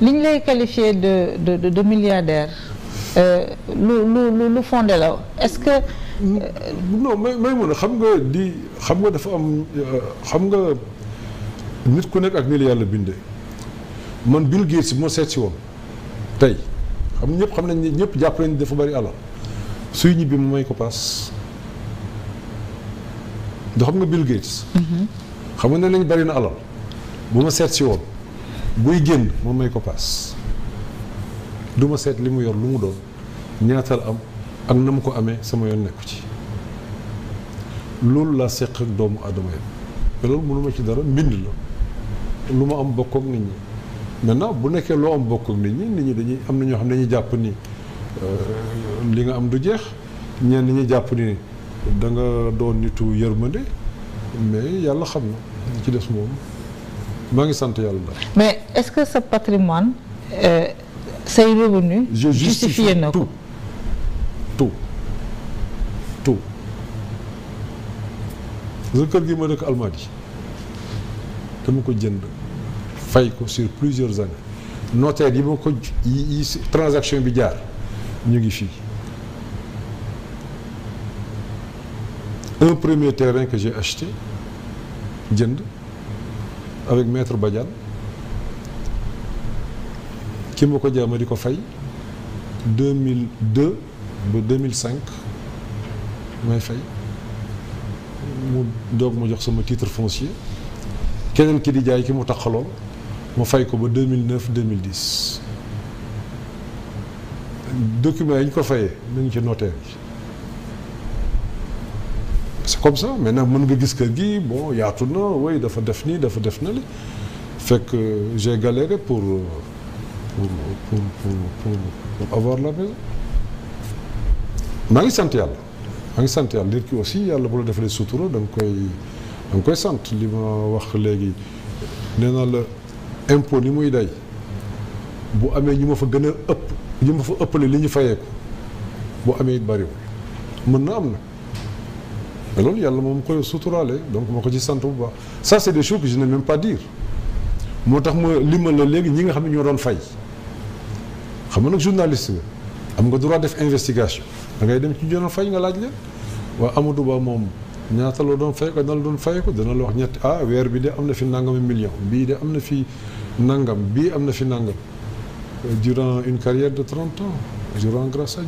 li ñu lay qualifié de de de, de euh, lu lu lu lu la est-ce que. Euh, non may mun a xam nga di xam nga dafa am euh, xam nga nit ku nekk ak ni la yàlla bindee man Bill Gates moo seet si woon tey xam ñëpp xam nañ ne ñëpp jàpp nañ dafa bari alal suy ñibbi mu may ko paas da xam nga Bill Gates. Mhm. xam nga ne lañ bari na alal bu ma seet woon. buy génn moom may ko paas du ma seet li mu yor lu mu doon ñaatal la am ak na mu ko amee sama yoon nekku ci loolu laa seq ak doomu aadama yi mais loolu mënuma ci dara mbind la lu ma am bokk ak nit ñi maintenant bu nekkee loo am bokk nit ñi nit ñi dañuy am na ñoo xam ne dañuy jàpp ni euh, li nga am du jeex ñenn ñi jàpp ni da nga doon nitu yërmande mais yàlla xam na ci des moom maa ngi sant yàlla mais est-ce que sa patrimoine euh, say revenu je justifie na ko tout tout sa kër gi ma dëkk Almadies dama ko jënd fay ko sur plusieurs années notaire yi ma ko yi transaction bi jaar ñu ngi fii un premier terrain que j'ai acheté jënd avec maître Badiane ki mu ko jaama di ko fay 2002 ba 2005 may fay mu doog ma jox sama titre foncier keneen ki di jaay ki mu taxaloon ma fay ko ba mille 2009 2010 documents yi ñu ko fayee mu ngi ci notaire c'est comme ça maintenant mën nga gis kër gi bon yaatu na way dafa def nii dafa def na li fekk euh, j'ai galéré euh, pour pour pour pour pour avoir la maison maa ngi sant yàlla maa ngi sant yàlla nit ki aussi yàlla bu la defalee sutura da nga koy da koy sant li ma wax léegi nee naa la impôt ni muy day bu amee ñu ma fa gën a ëpp ñu ma fa ëppale li ñu fayee ko bu amee it bariwul mën na am na mais loolu yàlla moom koy suturaale donc moo ko ci sant bu baax ça c'est des choses que même pas dire moo tax ma limal la léegi ñi nga xam ne ñoo doon fay xam nga nag journaliste nga am nga droit def investigation da ngay dem ci ñu doon fay nga laaj leen waa Amadou Ba moom ñaata la doon fay ko doon fay dana la ñetti ah weer bi de am na fi nangami million bii de am na fi nangam bii am na fi nangam durant une carrière de 30 ans je rends grâce